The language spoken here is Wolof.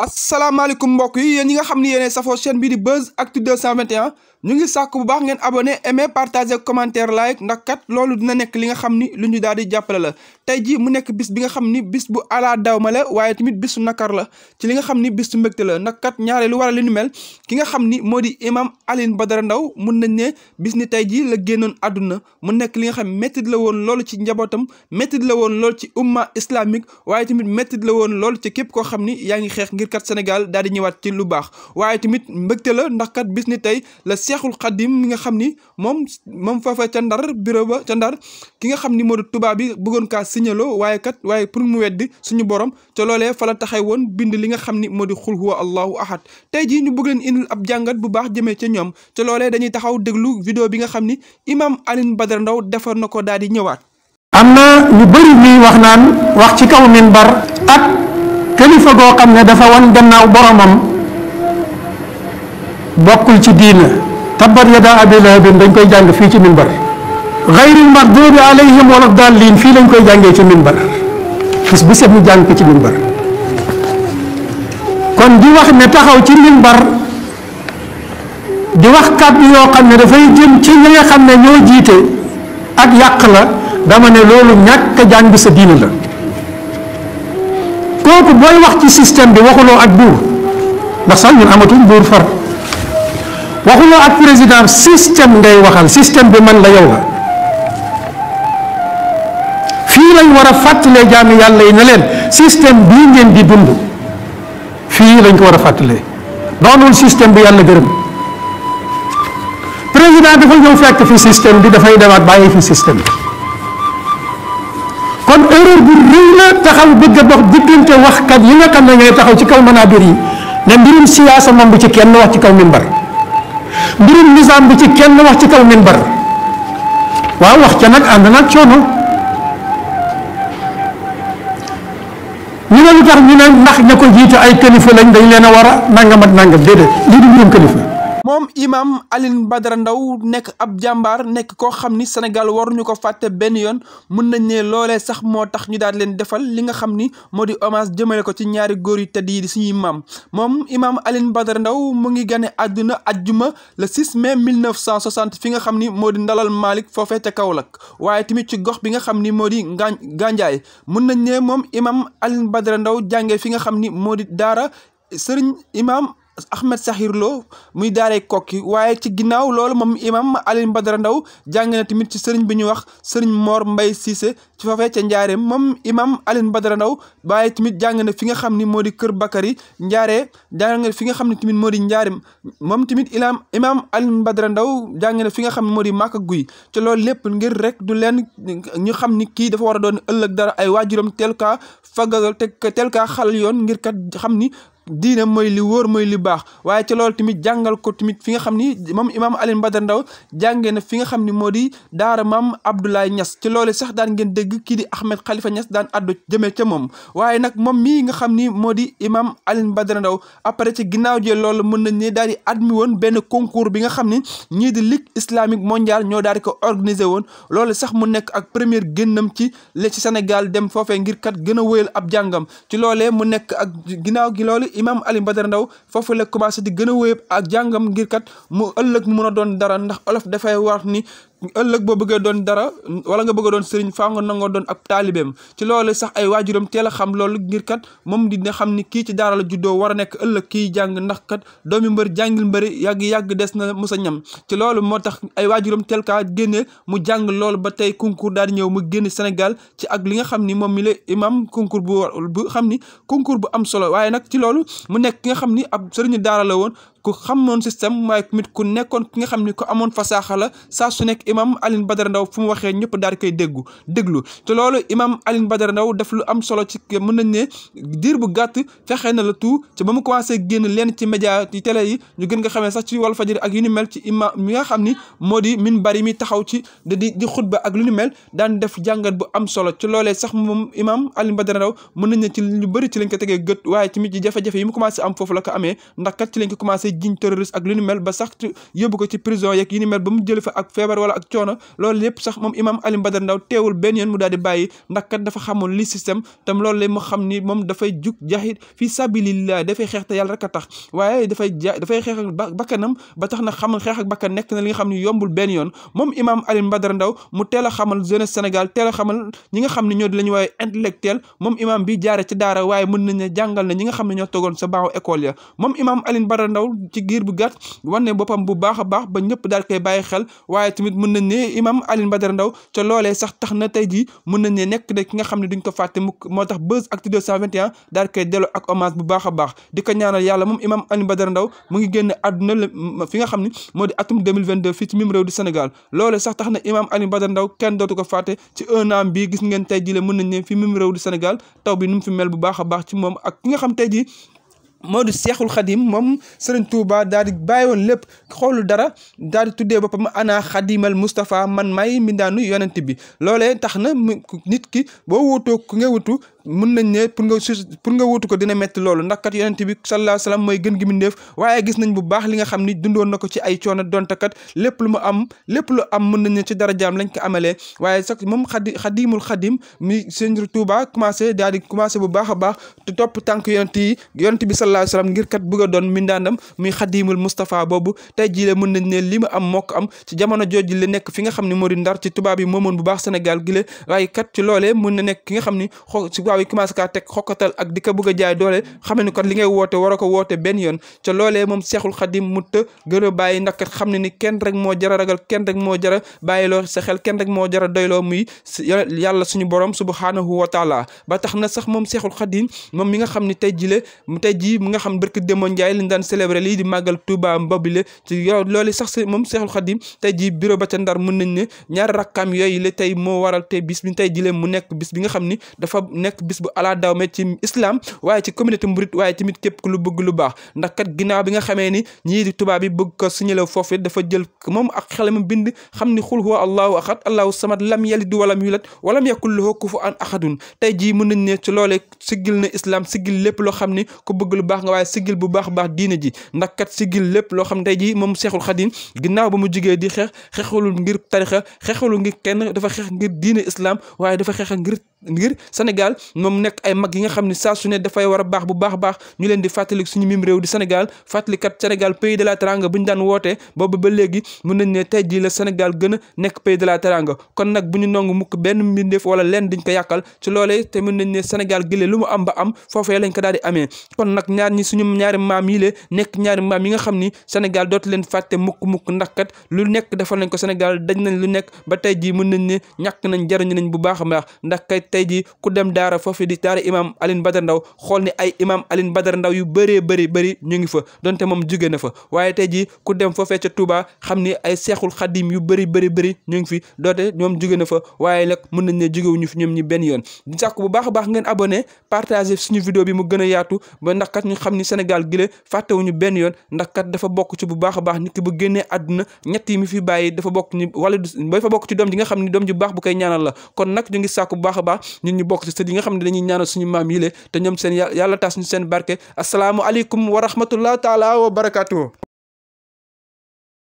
asalaamaaleykum mbokk yi yéen ñi nga xam ne yéenay safoo chaîne bi di Buzz Actu 221 ñu ngi sàkk bu baax ngeen abone aimé partagé commentaire like ndax kat loolu dina nekk li nga xam ni lu ñu daal di jàppale la tey jii mu nekk bis bi nga xam ni bis bu alaa dawma la waaye tamit bisu nakar la ci li nga xam ni bisu mbégte la ndax kat ñaare lu waral li ñu mel ki nga xam ni moo di alin Alioune Badara ndaw mun nañ ne bis ni tey jii la génnoon àdduna mu nekk li nga xam méttit la woon loolu ci njabootam méttit la woon loolu ci umma islamique waaye tamit méttit la woon loolu ci képp koo xam ni yaa ngi xeex ngir kat Sénégal daal ñëwaat ci lu baax waaye tamit mbëgte la ndax kat bis ni tey la Seexul Xadim mi nga xam ni moom moom foofa ca Ndar bureau ba ca Ndar ki nga xam ni moo di tubaab bi bëggoon kaa signaloo waaye kat waaye pour mu weddi suñu borom te loolee fa la taxay woon bind li nga xam ni moo di xul huwa allahu ahad tey jii ñu bëgg leen indi ab jàngat bu baax jëmee ca ñoom te loolee dañuy taxaw déglu vidéo bi nga xam ni imam Alioune Badara ndaw defar na ko daal di ñëwaat am na ñu kilifa goo xam ne dafa wan gannaaw boromam bokkul ci diina tabbat yadaa abii lahabin dañ koy jàng fii ci minbar xayril maxduubi alayhim wala daalliin fii lañ koy jàngee ci minbar bis bu set ñu jàng ko ci minbar kon di wax ne taxaw ci minbar di wax kàddu yoo xam ne dafay jën ci ñi nga xam ne ñoo jiite ak yàq la dama ne loolu ñàkk a jàng sa diina la kooku booy wax ci système bi waxuloo ak buur ndax sax ñun amatuñ buur far waxuloo ak président système ngay waxal système bi man la yow la fii lañ war a fàttalee jaami yàlla yi ne leen système bii ngeen di dund fii lañ ko war a fàttalee doonul système bi yàlla gërëm président dafa ñëw fekk fi système bi dafay demaat bàyyi fi système bi erreur bu rëy la taxaw bëgg a dox diggante waxkat yi na xam ne taxaw ci kaw manaabir yi ne mbirum siyaasa moom bu ci kenn wax ci kaw minbar mbirum nizaam bu ci kenn wax ci kaw minbar waaw wax ca nag ànd naag coono ñu ne lu tax ñu ne ndax ña ko jiite ay kalifa lañ dañ leen a war a nangamat nangam déedéet lii du mbirum kalifa moom imaam Alioune Badara Ndao nekk ab jàmbaar nekk koo xam ni Sénégal waruñu ko fàtte benn yoon mun nañ ne loole sax moo tax ñu daal leen defal li nga xam ni moo di hommage jëmale ko ci ñaari góor yu tedd yi di suñuy maam moom imam Alioune Badara ndaw mu ngi gane àdduna ajjuma le 6 mai 1960 fi nga xam ni moo di ndalal Malick foofee ca Kaolack waaye tamit ci gox bi nga xam ni moo di ngaa Gandiaye mun nañ ne moom imam Alioune Badara Ndao jàngee fi nga xam ni moo di daara sëriñ imaam Ahmed Sakhir loo muy daaree kokki waaye ci ginnaaw loolu moom imam Alioune Badara Ndaw jàng na tamit ci sëriñ bi ñu wax sëriñ moor Mbay Cissé ci foofee ca njaareem moom imam Alioune Badara Ndaw waaye tamit jàng na fi nga xam ni moo di kër Bakary njaaree jàng na fi nga xam ne tamit moo di njaareem moom tamit ilam imam Alioune Badara Ndaw jàng na fi nga xam ne moo di makka Guy te loolu lépp ngir rek du leen ñu xam ni kii dafa war a doon ëllëg dara ay waajuram teel kaa faggal teg teel yoon ngir kat xam ni diine mooy li wóor mooy li baax waaye ci loolu tamit jàngal ko tamit fi nga xam ni moom imaam ali Badara Ndao jàngee na fi nga xam ni moo di daara maam Abdoulaye ñas ci loole sax daan ngeen dégg kii di Ahmed kalifa Niass daan addu jëmee ca moom waaye nag moom mii nga xam ni moo di imaam Alioune Badara Ndao après ci ginnaaw jee loolu mën nañ ne daal di admis woon benn concours bi nga xam ni ñii di ligue islamique mondiale ñoo daal di ko organiser woon loolu sax mu nekk ak première génnam ci la ci Sénégal dem foofee ngir kat gën a wóyal ab jàngam ci loolee mu nekk ak imaam Alioune Badara Ndao foofu la commencé di gën a wéyëb ak jàngam ngir kat mu ëllëg mu mën a doon dara ndax olof dafay wax ni ëllëg boo bëggee doon dara wala nga bëgg doon sëriñ faa nga nangoo doon ab taalibeem ci loolu sax ay waajuram teel a xam loolu ngir kat moom dina xam ni kii ci daara la juddoo war a nekk ëllëg kiy jàng ndax kat doomi mbër jàngil mbëri yàgg-yàgg des na musa ñam ci loolu moo tax ay waajuram teel kaa génnee mu jàng loolu ba tey concours daal di ñëw mu génn Sénégal ci ak li nga xam ni moom mi la imam concours bu bu xam ni concours bu am solo waaye nag ci loolu mu nekk ki nga xam ni ab sëriñu daara la woon ku xamoon système waaye tamit ku nekkoon ki nga xam ni ku amoon fasaaxa la saa su nekk imam Alioune Badara Ndao fu mu waxee ñëpp daal di koy def lu am solo ci mën nañ ne diir bu gàtt fexe na la tout te mu commencé génn leen ci média ci télé yi ñu gën nga xamee sax ci Walf Fadjri ak yu ni mel ci mi nga xam ni moo di min bari mi taxaw ci di di xutba ak lu ni mel daan def jàngat bu am solo ci loolee sax moom imam Alioune Badara Ndao mën nañ ci lu bëri ci lañ ko tegee gët waaye tamit ci jafe-jafe yi mu commencé am foofu la ko amee ndax kat ci lañ ko commencé koy jiñ terroriste ak li ni mel ba sax yóbbu ko ci prison yeeg yi ni mel ba mu jële fa ak feebar wala ak coono loolu yëpp sax moom imam Alioune Badara Ndao mu daal di bàyyi ndax kat a na xamal xeex ak bakkan nekk na li nga xam ni yombul benn yoon moom imam Alioune Badara Ndao mu teel a xamal jeunesse Sénégal teel a xamal ñi nga xam ne ñoo di la ñu waaye intellectuel moom imam bi jaare ci daara waaye mën nañ ne jàngal na ñi nga xam ne ñoo togoon sa baaw école ya moom imam Alioune Badara Ndao ci giir bu gàtt wane boppam bu baax a baax ba ñëpp daal koy bàyyi xel waaye tamit mën nañ ne imam Alioune Badara ndaw ca loolee sax tax na tey jii mun nañ ne nekk de ki nga xam ne duñ ko fàtte mukk moo tax Buzz Actu 221 daal koy delloo ak baax a baax di ko ñaanal yàlla moom imam Alioune Badara Ndao mu ngi génn àdduna fi nga xam ne moo di atum 2022 fii ci mim réew du Sénégal loolee sax tax na imam Alioune Badara ndaw kenn dootu ko fàtte ci un an bii gis ngeen tey jii la mën nañ ne fi mim réew du Sénégal taw bi nu mu fi mel bu baax a baax ci moom ak ki nga xam tey jii moo di seexul xadim moom sëriñ Touba daal di bàyyi woon lépp xoolu dara daal di tuddee boppam ana xadimal mustapha man mayi mbindaanu yonent bi loole tax na nit ki boo wutoo ku nga wutu mën nañ ne pour nga pour nga wutu ko dina metti loolu ndax kat yonent bi sallallahu alayhi wa sallam mooy gën gi mbindéef waaye gis nañ bu baax li nga xam ni dundoon na ko ci ay coono donte kat lépp lu mu am lépp lu am mën nañ ne ci darajaam lañ ko amalee waaye sax moom xadi xadimul xadim mi sëñ Tuuba commencé daal di commencé bu baax a baax te topp tànk yonent yi yonent bi sallallahu alayhi wa sallam ngir kat bëgg a doon mindaanam muy xadimul Moustapha boobu tey jii la mën nañ ne li mu am mokk am ci jamono jooju la nekk fi nga xam ne moo di ndar ci tubaab yi moomoon bu baax Sénégal gi la waaye kat ci loolee mën na nekk ki nga xam ni xoo tubaab yi commencé kaa xokkatal ak di ko bëgg a jaay doole xam ne kat li ngay woote war a ko woote benn yoon ca loolee moom Seexul Xadim mu të gën a bàyyi ndax kat xam ne ni kenn rek moo jara ragal kenn rek moo jara bàyyiloo sa xel kenn rek moo jara doyloo muy yàlla suñu borom subhaanahu wa taala ba tax na sax moom Seexul Xadim moom mi nga xam ni tey jile tey jii mi nga xam ne barki Demba Ndiaye lañ daan célébré lii di màggal Touba Mbobile ci yow loolu sax moom Seexul Xadim tey jii bureau ba ca mën nañ ne ñaari rakkaam yooyu la tey moo waral tey bis bi tey jile mu nekk bis bi nga xam ni dafa nekk nekk bis bu alaa daw me ci islam waaye ci communauté murit waaye tamit képp ku lu bëgg lu baax ndax kat ginnaaw bi nga xamee ni ñii tubaab bi bëgg ko signalé foofu dafa jël moom ak xelam bind xam ni xul huwa allahu ahad allahu samad lam yalid walam yulad walam yakul lahu kufuwan ahadun tey jii mën nañ ne ci loolee siggil na islam siggil lépp loo xam ni ku bëgg lu baax nga waaye siggil bu baax baax diine ji ndax kat lépp loo xam ne tey jii moom Seexul Xadim ginnaaw ba mu jugee di xeex xeexalul ngir tarixa xeexalul ngir kenn dafa xeex ngir diine islam waaye dafa xeex ngir ngir Sénégal moom nekk ay mag yi nga xam ne saa su ne dafay war a baax bu baax baax ñu leen di fàttali suñu miim réew di Sénégal fàttali kat Sénégal pays la Teranga bu ñu daan wootee boobu ba léegi mun nañ ne tey jii la Sénégal gën a nekk pays de la Teranga kon nag bu ñu mukk benn mbindeef wala leen diñ ko yàqal ci loolee te mun nañ ne Sénégal gile lu mu am ba am foofee lañ ko daal di amee kon nag ñaar ñi suñu ñaari maam yi nekk ñaari maam yi nga xam ni Sénégal dootu leen fàtte mukk mukk ndax lu nekk defal nañ ko Sénégal daj nañ lu nekk ba tey jii mun nañ ne ñàkk nañ jariñ nañ bu baax a baax ndax kay tey jii ku dem daara foofu di daara imam Alioune Badara ndaw xool ni ay imam Alioune Badara Ndao yu bëree bëri bëri ñu ngi fa donte moom jóge na fa waaye tey jii ku dem foofee ca Touba xam ni ay seexul xadim yu bëri bëri bëri ñu ngi fi doote ñoom jóge na fa waaye nag mën nañ ne jógewuñu fi ñoom ñi benn yoon di sàkk bu baax a baax ngeen abonné partagé suñu vidéo bi mu gën a yaatu ba ndax kat ñu xam ni Sénégal gi la fàttewuñu benn yoon ndax kat dafa bokk ci bu baax a baax nit ki bu génnee àdduna ñett yi mi dafa bokk ni wala bokk ci doom ji nga xam ni doom ji baax bu koy ñaanal la kon nag ñu ngi sàkk bu baax a baax ñun ñu bokk ci sët yi nga xam ne dañuy ñaanal suñu maam yile te ñoom seen yàlla tas ñu seen barke asalaamu aleykum wa rahmatullah taala wa barakatuhu